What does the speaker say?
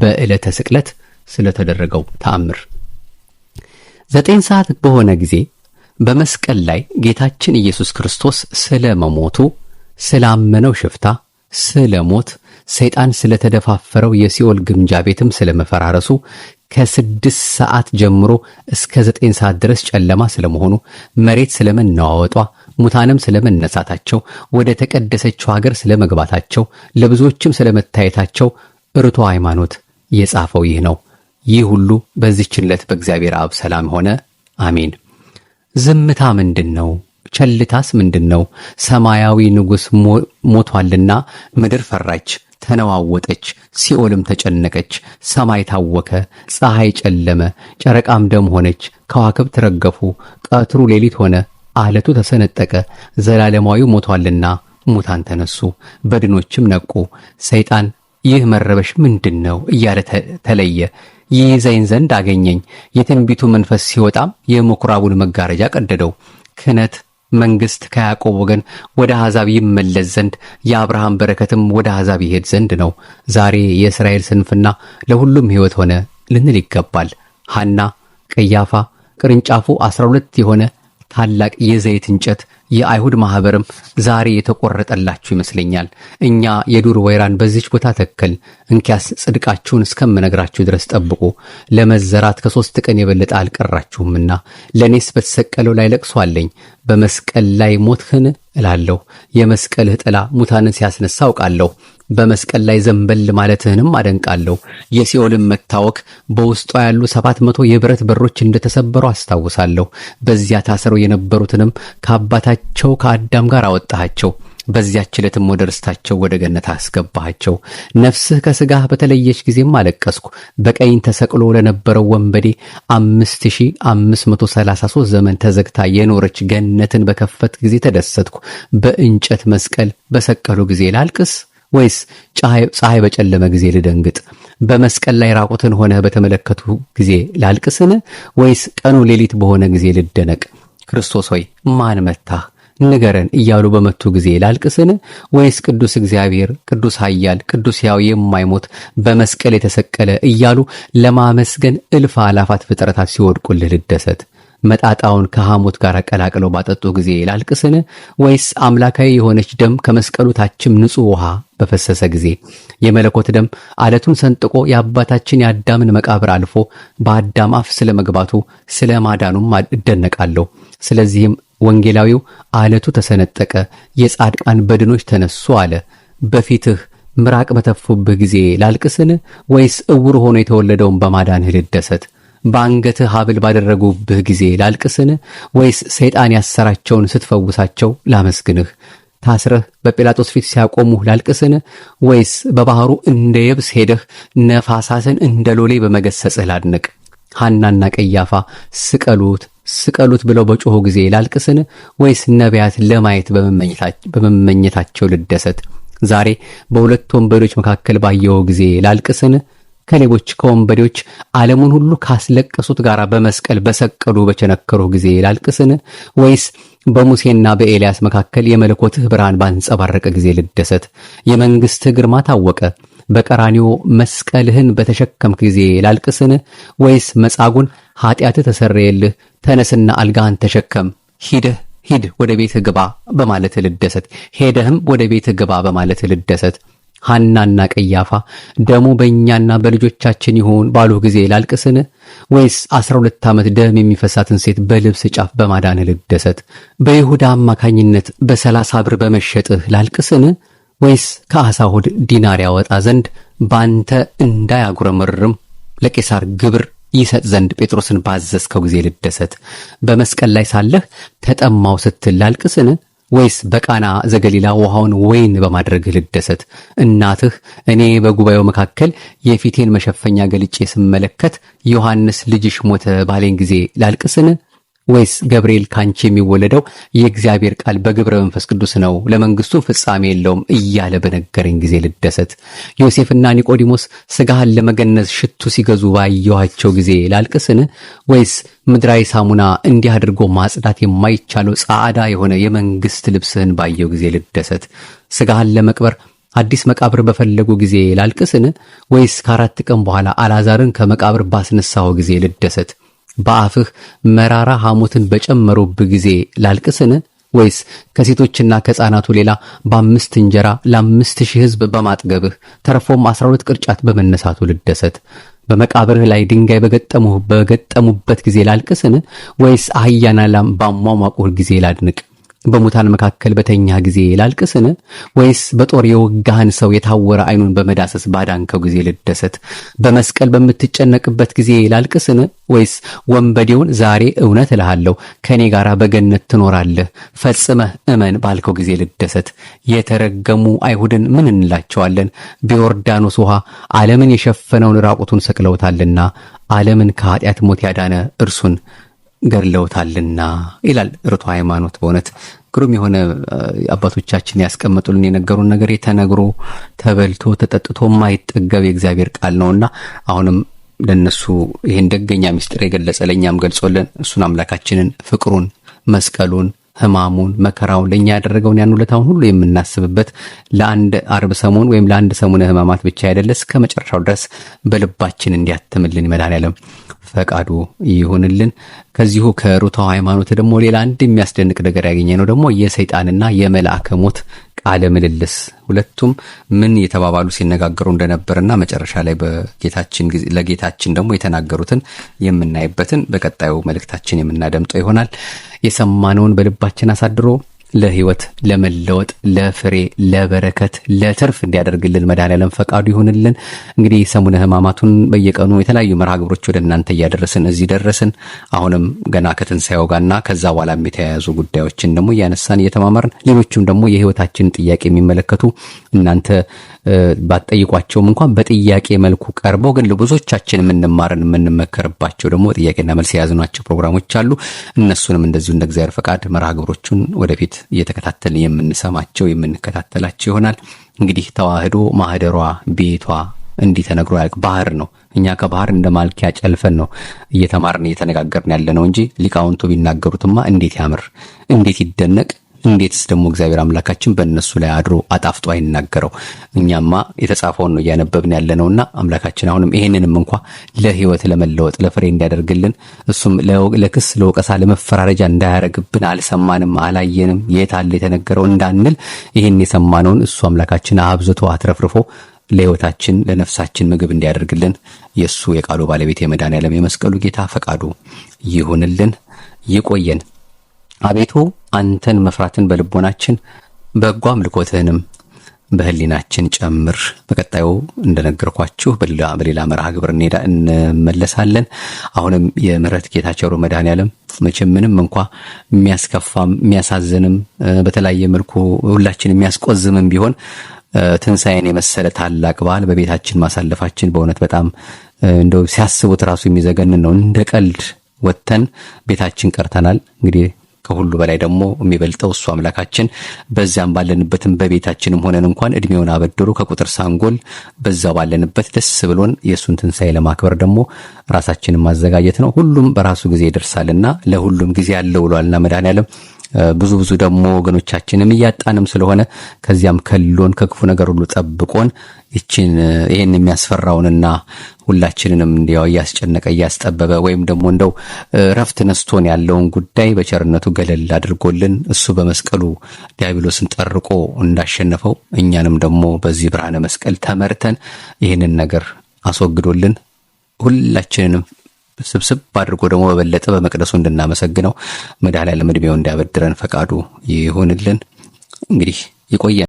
በዕለተ ስቅለት ስለተደረገው ተአምር። ዘጠኝ ሰዓት በሆነ ጊዜ በመስቀል ላይ ጌታችን ኢየሱስ ክርስቶስ ስለ መሞቱ፣ ስላመነው ሽፍታ፣ ስለ ሞት፣ ሰይጣን ስለተደፋፈረው የሲኦል ግምጃ ቤትም ስለመፈራረሱ ከስድስት ሰዓት ጀምሮ እስከ ዘጠኝ ሰዓት ድረስ ጨለማ ስለመሆኑ፣ መሬት ስለመነዋወጧ፣ ሙታንም ስለመነሳታቸው፣ ወደ ተቀደሰችው ሀገር ስለመግባታቸው፣ ለብዙዎችም ስለመታየታቸው ብርቱ ሃይማኖት የጻፈው ይህ ነው። ይህ ሁሉ በዚችነት ዕለት በእግዚአብሔር አብ ሰላም ሆነ። አሜን። ዝምታ ምንድን ነው? ቸልታስ ምንድን ነው? ሰማያዊ ንጉሥ ሞቷልና ምድር ፈራች፣ ተነዋወጠች፣ ሲኦልም ተጨነቀች። ሰማይ ታወከ፣ ፀሐይ ጨለመ፣ ጨረቃም ደም ሆነች፣ ከዋክብት ረገፉ፣ ቀትሩ ሌሊት ሆነ፣ አለቱ ተሰነጠቀ። ዘላለማዊ ሞቷልና ሙታን ተነሱ፣ በድኖችም ነቁ። ሰይጣን ይህ መረበሽ ምንድን ነው እያለ ተለየ። ይይዘኝ ዘንድ አገኘኝ። የትንቢቱ መንፈስ ሲወጣም የምኩራቡን መጋረጃ ቀደደው። ክህነት መንግስት ከያዕቆብ ወገን ወደ አሕዛብ ይመለስ ዘንድ የአብርሃም በረከትም ወደ አሕዛብ ይሄድ ዘንድ ነው። ዛሬ የእስራኤል ስንፍና ለሁሉም ሕይወት ሆነ ልንል ይገባል። ሐና፣ ቀያፋ ቅርንጫፉ አስራ ሁለት የሆነ ታላቅ የዘይት እንጨት የአይሁድ ማኅበርም ዛሬ የተቆረጠላችሁ ይመስለኛል። እኛ የዱር ወይራን በዚች ቦታ ተከል፣ እንኪያስ ጽድቃችሁን እስከምነግራችሁ ድረስ ጠብቁ። ለመዘራት ከሦስት ቀን የበለጠ አልቀራችሁምና ለእኔስ በተሰቀለው ላይ ለቅሶ አለኝ። በመስቀል ላይ ሞትህን እላለሁ። የመስቀልህ ጥላ ሙታንን ሲያስነሳ አውቃለሁ። በመስቀል ላይ ዘንበል ማለትህንም አደንቃለሁ። የሲኦልን መታወክ በውስጧ ያሉ ሰባት መቶ የብረት በሮች እንደተሰበሩ አስታውሳለሁ። በዚያ ታስረው የነበሩትንም ከአባታቸው ከአዳም ጋር አወጣሃቸው። በዚያች ዕለትም ወደ ርስታቸው ወደ ገነት አስገባሃቸው። ነፍስህ ከሥጋህ በተለየች ጊዜም አለቀስኩ። በቀኝ ተሰቅሎ ለነበረው ወንበዴ አምስት ሺ አምስት መቶ ሰላሳ ሶስት ዘመን ተዘግታ የኖረች ገነትን በከፈት ጊዜ ተደሰትኩ። በእንጨት መስቀል በሰቀሉ ጊዜ ላልቅስ? ወይስ ፀሐይ በጨለመ ጊዜ ልደንግጥ? በመስቀል ላይ ራቁትን ሆነህ በተመለከቱ ጊዜ ላልቅስን? ወይስ ቀኑ ሌሊት በሆነ ጊዜ ልደነቅ? ክርስቶስ ሆይ ማን መታህ? ንገረን እያሉ በመቱ ጊዜ ላልቅስን? ወይስ ቅዱስ እግዚአብሔር፣ ቅዱስ ኃያል፣ ቅዱስ ያው የማይሞት በመስቀል የተሰቀለ እያሉ ለማመስገን እልፍ አላፋት ፍጥረታት ሲወድቁልህ ልደሰት? መጣጣውን ከሐሞት ጋር ቀላቅለው ባጠጡ ጊዜ ላልቅስን? ወይስ አምላካዊ የሆነች ደም ከመስቀሉ ታችም ንጹሕ ውሃ በፈሰሰ ጊዜ የመለኮት ደም አለቱን ሰንጥቆ የአባታችን የአዳምን መቃብር አልፎ በአዳም አፍ ስለ መግባቱ ስለ ማዳኑም እደነቃለሁ። ስለዚህም ወንጌላዊው አለቱ ተሰነጠቀ፣ የጻድቃን በድኖች ተነሱ አለ። በፊትህ ምራቅ በተፉብህ ጊዜ ላልቅስን? ወይስ እውር ሆኖ የተወለደውን በማዳንህ ልደሰት? በአንገትህ ሐብል ባደረጉብህ ጊዜ ላልቅስን? ወይስ ሰይጣን ያሰራቸውን ስትፈውሳቸው ላመስግንህ? ታስረህ በጲላጦስ ፊት ሲያቆሙህ ላልቅስን? ወይስ በባህሩ እንደ የብስ ሄደህ ነፋሳትን እንደ ሎሌ በመገሰጽህ ላድንቅ? ሐናና ቀያፋ ስቀሉት፣ ስቀሉት ብለው በጮሆ ጊዜ ላልቅስን? ወይስ ነቢያት ለማየት በመመኘታቸው ልደሰት? ዛሬ በሁለት ወንበዴዎች መካከል ባየው ጊዜ ላልቅስን? ከሌቦች ከወንበዴዎች ዓለሙን ሁሉ ካስለቀሱት ጋር በመስቀል በሰቀሉ በቸነከሩ ጊዜ ላልቅስን? ወይስ በሙሴና በኤልያስ መካከል የመለኮትህ ብርሃን ባንጸባረቀ ጊዜ ልደሰት? የመንግሥትህ ግርማ ታወቀ። በቀራኒዮ መስቀልህን በተሸከምክ ጊዜ ላልቅስን? ወይስ መጻጉን ኃጢአትህ ተሰረየልህ፣ ተነስና አልጋህን ተሸከም፣ ሂደህ ሂድ ወደ ቤትህ ግባ በማለት ልደሰት፣ ሄደህም ወደ ቤትህ ግባ በማለት ልደሰት። ሐናና ቀያፋ ደሙ በእኛና በልጆቻችን ይሁን ባሉ ጊዜ ላልቅስን ወይስ አስራ ሁለት ዓመት ደም የሚፈሳትን ሴት በልብስ ጫፍ በማዳን ልደሰት? በይሁዳ አማካኝነት በሰላሳ ብር በመሸጥህ ላልቅስን ወይስ ከአሳ ሆድ ዲናር ያወጣ ዘንድ ባንተ እንዳያጉረመርም ለቄሳር ግብር ይሰጥ ዘንድ ጴጥሮስን ባዘዝከው ጊዜ ልደሰት? በመስቀል ላይ ሳለህ ተጠማው ስትል ላልቅስን? ወይስ በቃና ዘገሊላ ውሃውን ወይን በማድረግህ ልደሰት? እናትህ እኔ በጉባኤው መካከል የፊቴን መሸፈኛ ገልጬ ስመለከት ዮሐንስ ልጅሽ ሞተ ባሌን ጊዜ ላልቅስን? ወይስ ገብርኤል ካንቺ የሚወለደው የእግዚአብሔር ቃል በግብረ መንፈስ ቅዱስ ነው፣ ለመንግስቱ ፍጻሜ የለውም እያለ በነገረኝ ጊዜ ልደሰት። ዮሴፍና ኒቆዲሞስ ስጋህን ለመገነዝ ሽቱ ሲገዙ ባየኋቸው ጊዜ ላልቅስን? ወይስ ምድራዊ ሳሙና እንዲህ አድርጎ ማጽዳት የማይቻለው ጻዕዳ የሆነ የመንግስት ልብስህን ባየው ጊዜ ልደሰት? ስጋህን ለመቅበር አዲስ መቃብር በፈለጉ ጊዜ ላልቅስን? ወይስ ከአራት ቀን በኋላ አላዛርን ከመቃብር ባስነሳው ጊዜ ልደሰት? በአፍህ መራራ ሐሞትን በጨመሩብ ጊዜ ላልቅስን? ወይስ ከሴቶችና ከሕፃናቱ ሌላ በአምስት እንጀራ ለአምስት ሺህ ሕዝብ በማጥገብህ ተርፎም አስራ ሁለት ቅርጫት በመነሳቱ ልደሰት? በመቃብርህ ላይ ድንጋይ በገጠሙበት ጊዜ ላልቅስን? ወይስ አህያና ላም ባሟሟቁህ ጊዜ ላድንቅ? በሙታን መካከል በተኛ ጊዜ ላልቅስን? ወይስ በጦር የወጋህን ሰው የታወረ ዓይኑን በመዳሰስ ባዳንከው ጊዜ ልደሰት? በመስቀል በምትጨነቅበት ጊዜ ላልቅስን? ወይስ ወንበዴውን ዛሬ እውነት እልሃለሁ ከእኔ ጋር በገነት ትኖራለህ ፈጽመህ እመን ባልከው ጊዜ ልደሰት? የተረገሙ አይሁድን ምን እንላቸዋለን? በዮርዳኖስ ውሃ ዓለምን የሸፈነውን ራቁቱን ሰቅለውታልና ዓለምን ከኃጢአት ሞት ያዳነ እርሱን ገድለውታልና ይላል ርቱ ሃይማኖት። በእውነት ግሩም የሆነ አባቶቻችን ያስቀመጡልን የነገሩን ነገር ተነግሮ ተበልቶ ተጠጥቶ የማይጠገብ የእግዚአብሔር ቃል ነውና አሁንም ለነሱ ይህን ደገኛ ምስጢር የገለጸ ለእኛም ገልጾልን እሱን አምላካችንን ፍቅሩን መስቀሉን ህማሙን፣ መከራውን፣ ለእኛ ያደረገውን ያን ውለታውን ሁሉ የምናስብበት ለአንድ አርብ ሰሞን ወይም ለአንድ ሰሙነ ህማማት ብቻ አይደለ፣ እስከ መጨረሻው ድረስ በልባችን እንዲያትምልን መድኃኔዓለም ፈቃዱ ይሁንልን። ከዚሁ ከሩታው ሃይማኖት ደግሞ ሌላ አንድ የሚያስደንቅ ነገር ያገኘ ነው ደግሞ የሰይጣንና የመልአከ ሞት ቃለ ምልልስ ሁለቱም ምን የተባባሉ ሲነጋገሩ እንደነበርና መጨረሻ ላይ በጌታችን ለጌታችን ደግሞ የተናገሩትን የምናይበትን በቀጣዩ መልእክታችን የምናደምጠው ይሆናል። የሰማነውን በልባችን አሳድሮ ለህይወት ለመለወጥ ለፍሬ ለበረከት ለትርፍ እንዲያደርግልን መድኃኔዓለም ፈቃዱ ይሁንልን። እንግዲህ ሰሙነ ሕማማቱን በየቀኑ የተለያዩ መርሃ ግብሮች ወደ እናንተ እያደረስን እዚህ ደረስን። አሁንም ገና ከትንሣኤው ጋርና ከዛ በኋላ የተያያዙ ጉዳዮችን ደግሞ እያነሳን እየተማመርን ሌሎችም ደግሞ የህይወታችን ጥያቄ የሚመለከቱ እናንተ ባትጠይቋቸውም እንኳን በጥያቄ መልኩ ቀርበው ግን ለብዙዎቻችን የምንማርን የምንመከርባቸው ደግሞ ጥያቄና መልስ የያዝናቸው ፕሮግራሞች አሉ። እነሱንም እንደዚሁ እንደ እግዚአብሔር ፈቃድ መርሃ ግብሮቹን ወደፊት እየተከታተል የምንሰማቸው የምንከታተላቸው ይሆናል። እንግዲህ ተዋህዶ ማህደሯ ቤቷ እንዲህ ተነግሮ ያልቅ ባህር ነው። እኛ ከባህር እንደ ማልኪያ ጨልፈን ነው እየተማርን እየተነጋገርን ያለ ነው እንጂ ሊቃውንቱ ቢናገሩትማ እንዴት ያምር እንዴት ይደነቅ እንዴትስ ደግሞ እግዚአብሔር አምላካችን በእነሱ ላይ አድሮ አጣፍጦ አይናገረው? እኛማ የተጻፈውን ነው እያነበብን ያለ ነውና አምላካችን አሁንም ይህንንም እንኳ ለህይወት ለመለወጥ ለፍሬ እንዲያደርግልን እሱም ለክስ ለወቀሳ፣ ለመፈራረጃ እንዳያረግብን አልሰማንም፣ አላየንም፣ የት አለ የተነገረው እንዳንል ይህን የሰማነውን እሱ አምላካችን አብዝቶ አትረፍርፎ ለህይወታችን ለነፍሳችን ምግብ እንዲያደርግልን የእሱ የቃሉ ባለቤት የመድኃኔዓለም የመስቀሉ ጌታ ፈቃዱ ይሁንልን። ይቆየን። አቤቱ አንተን መፍራትን በልቦናችን በጎ አምልኮትህንም በህሊናችን ጨምር። በቀጣዩ እንደነገርኳችሁ በሌላ በሌላ መርሃ ግብር እንሄዳ እንመለሳለን። አሁንም የምህረት ጌታቸው መድኃኔዓለም መቼም ምንም እንኳ የሚያስከፋም የሚያሳዝንም በተለያየ መልኩ ሁላችን የሚያስቆዝምም ቢሆን ትንሣኤን የመሰለ ታላቅ በዓል በቤታችን ማሳለፋችን በእውነት በጣም እንደው ሲያስቡት ራሱ የሚዘገንን ነው። እንደ ቀልድ ወጥተን ቤታችን ቀርተናል እንግዲህ ከሁሉ በላይ ደግሞ የሚበልጠው እሱ አምላካችን በዚያም ባለንበትም በቤታችንም ሆነን እንኳን እድሜውን አበድሮ ከቁጥር ሳንጎል በዛው ባለንበት ደስ ብሎን የእሱን ትንሣኤ ለማክበር ደግሞ ራሳችንን ማዘጋጀት ነው። ሁሉም በራሱ ጊዜ ይደርሳልና ለሁሉም ጊዜ አለው ብሏልና መድኃኔዓለም ብዙ ብዙ ደግሞ ወገኖቻችንም እያጣንም ስለሆነ ከዚያም ከሎን ከክፉ ነገር ሁሉ ጠብቆን ይችን ይህን የሚያስፈራውንና ሁላችንንም እንዲያው እያስጨነቀ እያስጠበበ ወይም ደግሞ እንደው ረፍት ነስቶን ያለውን ጉዳይ በቸርነቱ ገለል አድርጎልን እሱ በመስቀሉ ዲያብሎስን ጠርቆ እንዳሸነፈው እኛንም ደግሞ በዚህ ብርሃነ መስቀል ተመርተን ይህንን ነገር አስወግዶልን ሁላችንንም ስብስብ አድርጎ ደግሞ በበለጠ በመቅደሱ እንድናመሰግነው መድኃኔዓለም ዕድሜው እንዲያበድረን ፈቃዱ ይሁንልን። እንግዲህ ይቆየን።